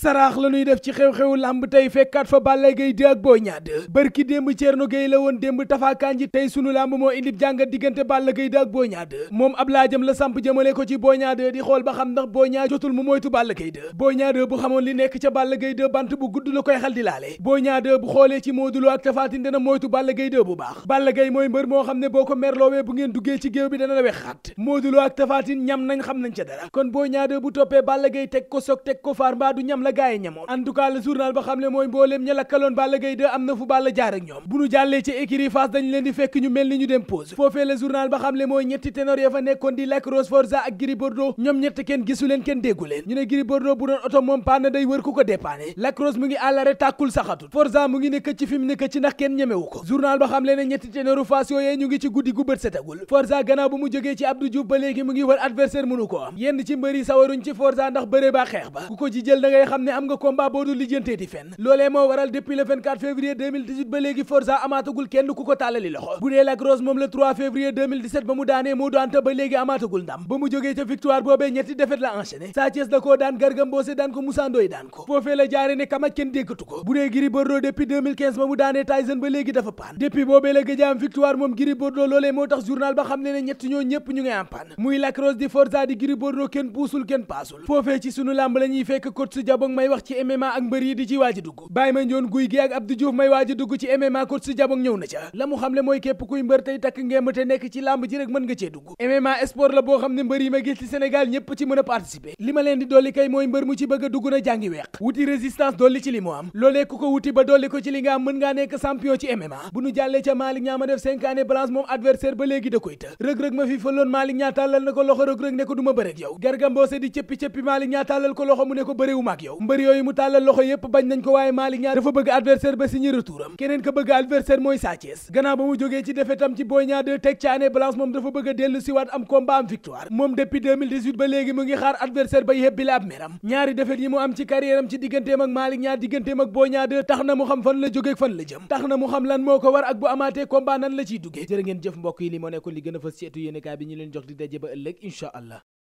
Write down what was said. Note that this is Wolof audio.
saraax la ñuy def ci xew-xewu làmb tey fekkaat fa Balla Gaye 2 ak Boy Niang 2 bërki démb Thierno Gueye la woon démb Tapha Kandji tey sunu làmb moo indi jàngat diggante Balla Gaye 2 ak Boy Niang 2 moom ab laajam la samp jëmale ko ci Boy Niang 2 xool ba xam ndax Boy Niang mu moytu Balla Gaye 2 Boy Niang 2 bu xamoon li nekk ca Balla Gaye bant bu gudd la koy xal di laale Boy Niang bu xoolee ci Modou Lo ak Tapha Tine dana moytu Balla Gaye 2 bu baax Balla Gaye mooy mbër moo xam ne boo ko merloowee bu ngeen duggee ci géew bi dana la wex xat Modou ak Tapha Tine ñam nañ xam nañ ca dara kon Boy Niang bu toppee Balla Gaye teg ko sok teg ko faar mbaa du ñam la gaay yi ñamoon en journal ba xam ne mooy mbooleem ña lakkaloon Balla Gaye am na fu Balla jaar ak ñoom bu ñu jàllee ci écurie Fass dañ leen di fekk ñu mel ni ñu dem pause foofee journal ba xam ne mooy ñetti ténor ya fa nekkoon di Lac Rose Forza ak Gris Bordeaux ñoom ñett kenn gisu leen kenn déggu leen ñu ne Gris Bordeaux bu doon oto moom panne day wër ku ko dépanne Lac Rose mu ngi à tàkkul saxatul Forza mu ngi ne këcc fi mu xam ne am nga combat boo du lijjantee di fenn loolee moo waral depuis le 24 ba léegi Forza amaatagul kenn ku ko tàllali loxo bu dee la grosse moom le 3 ba mu daanee moo daanee Tyson ba léegi dafa paan depuis boobee la gëj victoire moom Gris Bordeaux loolee moo tax journal ba xam ne ne ñett ñoo ñëpp ñu ngi am paan muy Lac Rose di Forza di Gris Bordeaux kenn puusul kenn paasul foofee ci sunu làmb la ñuy fekk coach Diabo jabong may wax ci MMA ak mbër yi di ci waaj a dugg Baye Mandione guy gi ak Abdou may waaj dugg ci MMA coach si jabong ñëw na ca la mu xam mooy képp kuy mbër tey takk ngemb te nekk ci làmb ji mën nga cee dugg MMA sport la boo xam ne mbër yi ma gis ci Sénégal ñépp ci mën a participer li ma leen di dolli kay mooy mbër mu ci bëgg dugg na jàngi weex wuti résistance dolli ci li mu am loolee ko wuti ba dolli ko ci li nga am mën ngaa nekk champion ci MMA mbër yooyu mu tàllal loxo yépp bañ nañ ko waaye Malick Niang dafa bëgg adversaire ba signé retouram keneen ka bëgg adversaire mooy Sa Thiès gannaaw ba mu jógee ci defetam ci Boy Niang 2 teg ci année balance moom dafa bëgg a dellu siwaat am combat am victoire moom depuis 2018 ba léegi mu ngi xaar adversaire ba yebbi la ab meram ñaari defet yi mu am ci carrière ci digganteem ak Malick Niang digganteem ak Boy Niang 2 tax na mu xam fan la jóge fan la jëm tax na mu xam lan moo ko war ak bu la ciy duggee jërë ngeen jëf mbokk yi li moo nekkoon li gën a fës ci etu yéenekaay